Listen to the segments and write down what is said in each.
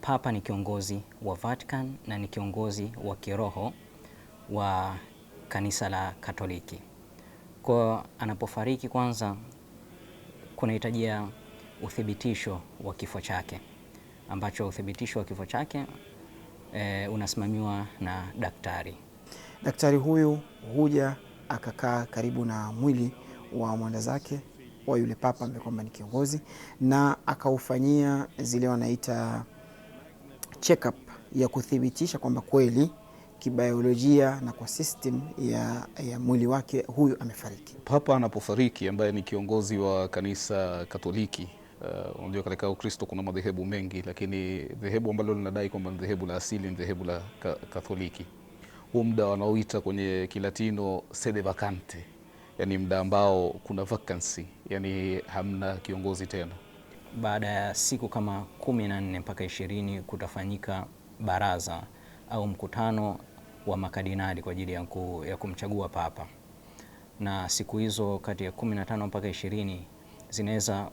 Papa ni kiongozi wa Vatican na ni kiongozi wa kiroho wa kanisa la Katoliki. Kwa anapofariki kwanza kunahitajia uthibitisho wa kifo chake ambacho uthibitisho wa kifo chake e, unasimamiwa na daktari. Daktari huyu huja akakaa karibu na mwili wa zake wa yule papa ambaye kwamba ni kiongozi, na akaufanyia zile wanaita checkup ya kuthibitisha kwamba kweli kibiolojia na kwa system ya, ya mwili wake huyu amefariki. Papa anapofariki ambaye ni kiongozi wa kanisa Katoliki, uh, unajua uh, katika Ukristo kuna madhehebu mengi, lakini dhehebu ambalo linadai kwamba ni dhehebu la asili ni dhehebu la ka Katoliki. Huu muda wanaoita kwenye Kilatino sede vacante, yani muda ambao kuna vacancy, yani hamna kiongozi tena baada ya siku kama kumi na nne mpaka ishirini kutafanyika baraza au mkutano wa makadinali kwa ajili ya kumchagua papa, na siku hizo kati ya kumi na tano mpaka ishirini zinaweza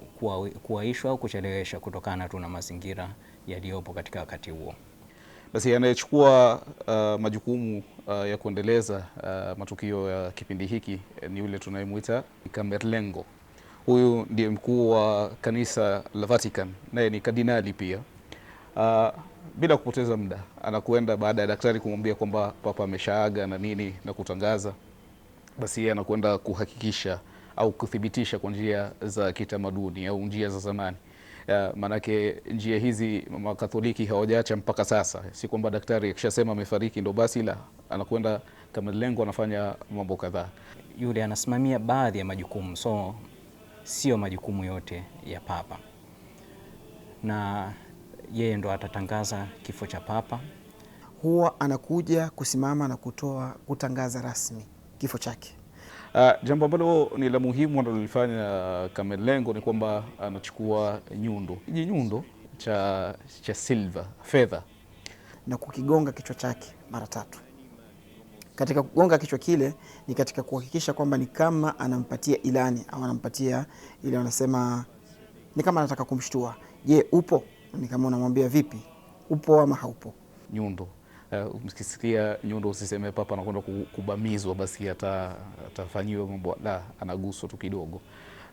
kuwaishwa au kuchelewesha kutokana tu na mazingira yaliyopo katika wakati huo. Basi anayechukua uh, majukumu uh, ya kuendeleza uh, matukio ya kipindi hiki eh, ni yule tunayemwita Kamerlengo. Huyu ndiye mkuu wa kanisa la Vatican, naye ni kardinali pia. Uh, bila kupoteza muda anakwenda baada ya daktari kumwambia kwamba papa ameshaaga na nini na kutangaza, basi yeye anakwenda kuhakikisha au kuthibitisha kwa njia za kitamaduni au njia za zamani. Uh, maanake njia hizi makatholiki hawajaacha mpaka sasa, si kwamba daktari akishasema amefariki ndo basi, la anakwenda kama lengo, anafanya mambo kadhaa. Yule anasimamia baadhi ya majukumu so sio majukumu yote ya papa, na yeye ndo atatangaza kifo cha papa. Huwa anakuja kusimama na kutoa kutangaza rasmi kifo chake. Uh, jambo ambalo ni la muhimu analolifanya Camerlengo ni kwamba anachukua nyundo hiji nyundo cha, cha silva fedha na kukigonga kichwa chake mara tatu katika kugonga kichwa kile ni katika kuhakikisha kwamba ni kama anampatia ilani au anampatia ile wanasema ni kama anataka kumshtua. Je, upo? Ni kama unamwambia vipi, upo ama haupo? Nyundo uh, eh, mkisikia nyundo usiseme papa anakwenda kubamizwa, basi atafanyiwa mambo, la anaguswa tu kidogo.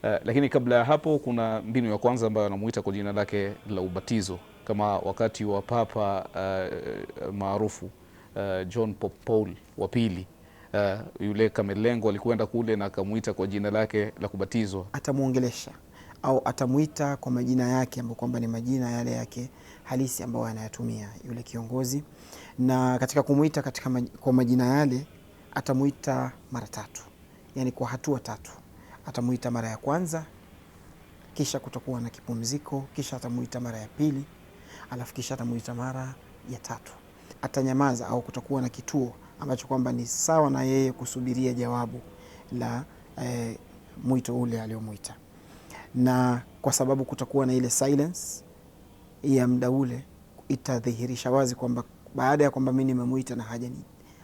Uh, lakini kabla ya hapo kuna mbinu ya kwanza ambayo anamuita kwa jina lake la ubatizo, kama wakati wa papa uh, maarufu uh, John Pop Paul wa pili uh, yule kamelengo alikwenda kule na akamwita kwa jina lake la kubatizwa, atamwongelesha au atamwita kwa majina yake ambayo kwamba ni majina yale yake halisi ambayo anayatumia yule kiongozi, na katika kumwita katika maj kwa majina yale atamwita mara tatu, yani kwa hatua tatu. Atamwita mara ya kwanza, kisha kutakuwa na kipumziko, kisha atamwita mara ya pili, alafu kisha atamwita mara ya tatu atanyamaza au kutakuwa na kituo ambacho kwamba ni sawa na yeye kusubiria jawabu la e, mwito ule aliomwita, na kwa sababu kutakuwa na ile silence ya muda ule, itadhihirisha wazi kwamba baada ya kwamba mi nimemwita na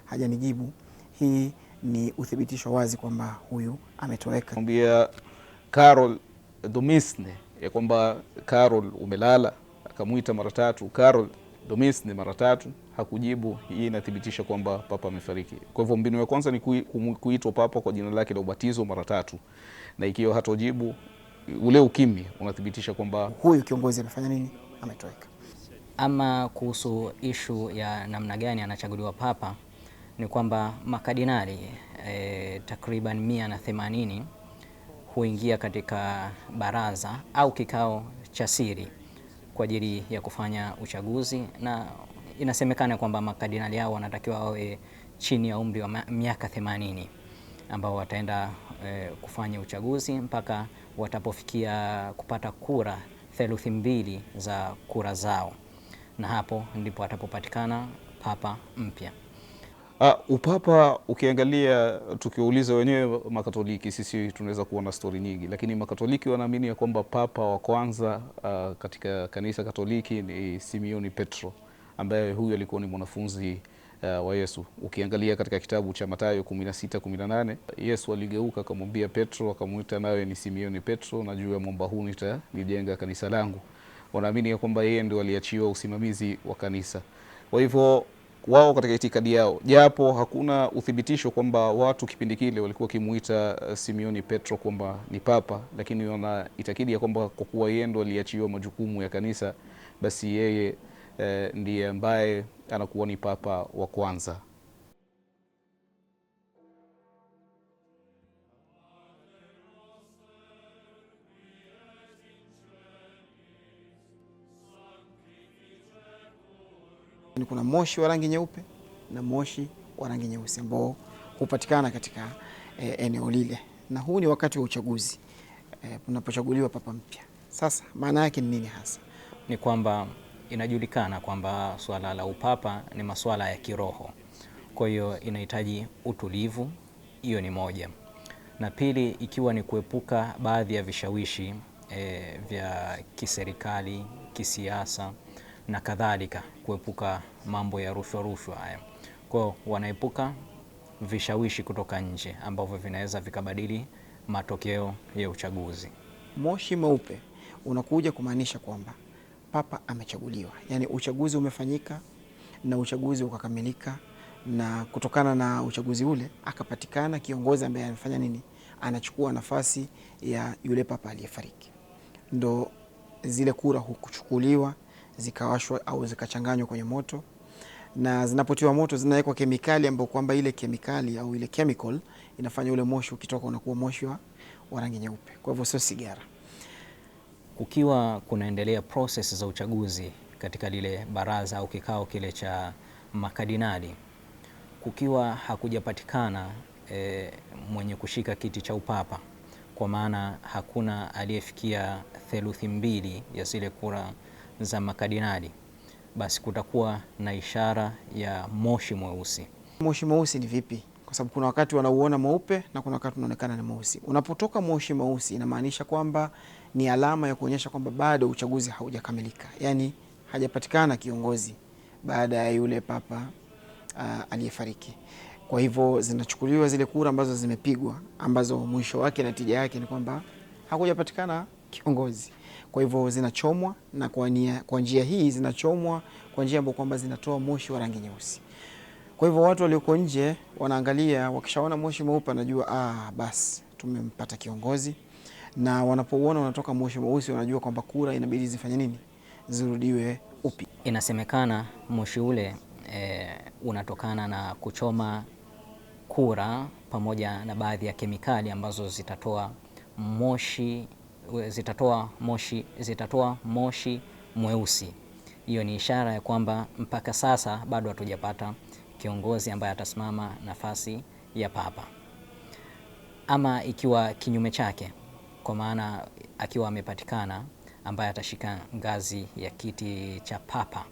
hajanijibu hii ni uthibitisho wazi kwamba huyu ametoweka. Mwambia Carol Domisne ya kwamba Carol umelala, akamwita mara tatu, Carol Domisne mara tatu hakujibu, hii inathibitisha kwamba papa amefariki. Kwa hivyo mbinu ya kwanza ni kuitwa papa kwa jina lake la ubatizo mara tatu, na ikiwa hatojibu, ule ukimya unathibitisha kwamba huyu kiongozi amefanya nini, ametoweka. Ama kuhusu ishu ya namna gani anachaguliwa papa ni kwamba makadinali e, takriban mia na themanini huingia katika baraza au kikao cha siri kwa ajili ya kufanya uchaguzi na inasemekana kwamba makadinali hao wanatakiwa wawe chini ya umri wa miaka 80 ambao wataenda e, kufanya uchaguzi mpaka watapofikia kupata kura theluthi mbili za kura zao, na hapo ndipo atapopatikana papa mpya. Uh, upapa ukiangalia, tukiuliza wenyewe Makatoliki, sisi tunaweza kuona stori nyingi, lakini Makatoliki wanaamini ya kwamba papa wa kwanza uh, katika kanisa Katoliki ni Simioni Petro ambaye huyu alikuwa ni mwanafunzi uh, wa Yesu. Ukiangalia katika kitabu cha Mathayo 16:18, Yesu aligeuka akamwambia Petro, akamwita nawe ni Simioni Petro, na juu ya mwamba huu nitalijenga kanisa langu. Wanaamini ya kwamba yeye ndio aliachiwa usimamizi wa kanisa. Kwa hivyo wao katika itikadi yao, japo hakuna uthibitisho kwamba watu kipindi kile walikuwa wakimuita eh, Simioni Petro kwamba ni papa, lakini wanaitakidi ya kwamba kwa kuwa yeye ndo aliachiwa majukumu ya kanisa, basi yeye Eh, ndiye ambaye anakuwa ni papa wa kwanza. Kuna moshi wa rangi nyeupe na moshi wa rangi nyeusi ambao hupatikana katika e, eneo lile, na huu ni wakati wa uchaguzi e, unapochaguliwa papa mpya. Sasa maana yake ni nini hasa? Ni kwamba inajulikana kwamba swala la upapa ni masuala ya kiroho, kwa hiyo inahitaji utulivu. Hiyo ni moja, na pili ikiwa ni kuepuka baadhi ya vishawishi e, vya kiserikali, kisiasa na kadhalika, kuepuka mambo ya rushwa rushwa haya. Kwao wanaepuka vishawishi kutoka nje ambavyo vinaweza vikabadili matokeo ya uchaguzi. Moshi mweupe unakuja kumaanisha kwamba papa amechaguliwa, yaani uchaguzi umefanyika na uchaguzi ukakamilika, na kutokana na uchaguzi ule akapatikana kiongozi ambaye anafanya nini, anachukua nafasi ya yule papa aliyefariki. Ndo zile kura hukuchukuliwa zikawashwa au zikachanganywa kwenye moto, na zinapotiwa moto zinawekwa kemikali ambayo kwamba ile kemikali au ile chemical inafanya ule moshi ukitoka unakuwa moshi wa rangi nyeupe. Kwa hivyo sio sigara kukiwa kunaendelea process za uchaguzi katika lile baraza au kikao kile cha makadinali, kukiwa hakujapatikana e, mwenye kushika kiti cha upapa, kwa maana hakuna aliyefikia theluthi mbili ya zile kura za makadinali, basi kutakuwa na ishara ya moshi mweusi. Moshi mweusi ni vipi? kwa sababu kuna wakati wanauona mweupe na kuna wakati unaonekana ni mweusi. Unapotoka moshi mweusi, inamaanisha kwamba ni alama ya kuonyesha kwamba bado uchaguzi haujakamilika, yaani hajapatikana kiongozi baada ya yule papa uh, aliyefariki. Kwa hivyo zinachukuliwa zile kura ambazo zimepigwa, ambazo mwisho wake na tija yake ni kwamba hakujapatikana kiongozi. Kwa hivyo zinachomwa, na kwa njia hii zinachomwa kwa njia ambayo kwamba zinatoa moshi wa rangi nyeusi. Kwa hivyo watu walioko nje wanaangalia, wakishaona moshi mweupe wanajua ah, basi tumempata kiongozi, na wanapouona wanatoka moshi mweusi wanajua kwamba kura inabidi zifanye nini, zirudiwe upi Inasemekana moshi ule e, unatokana na kuchoma kura pamoja na baadhi ya kemikali ambazo zitatoa moshi zitatoa moshi zitatoa moshi mweusi. Hiyo ni ishara ya kwamba mpaka sasa bado hatujapata kiongozi ambaye atasimama nafasi ya papa, ama ikiwa kinyume chake, kwa maana akiwa amepatikana ambaye atashika ngazi ya kiti cha papa,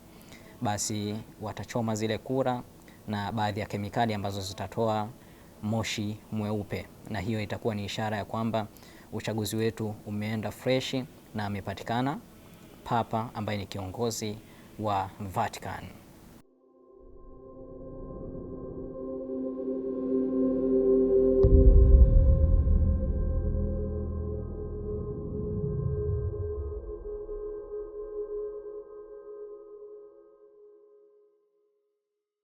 basi watachoma zile kura na baadhi ya kemikali ambazo zitatoa moshi mweupe, na hiyo itakuwa ni ishara ya kwamba uchaguzi wetu umeenda freshi na amepatikana papa ambaye ni kiongozi wa Vatican.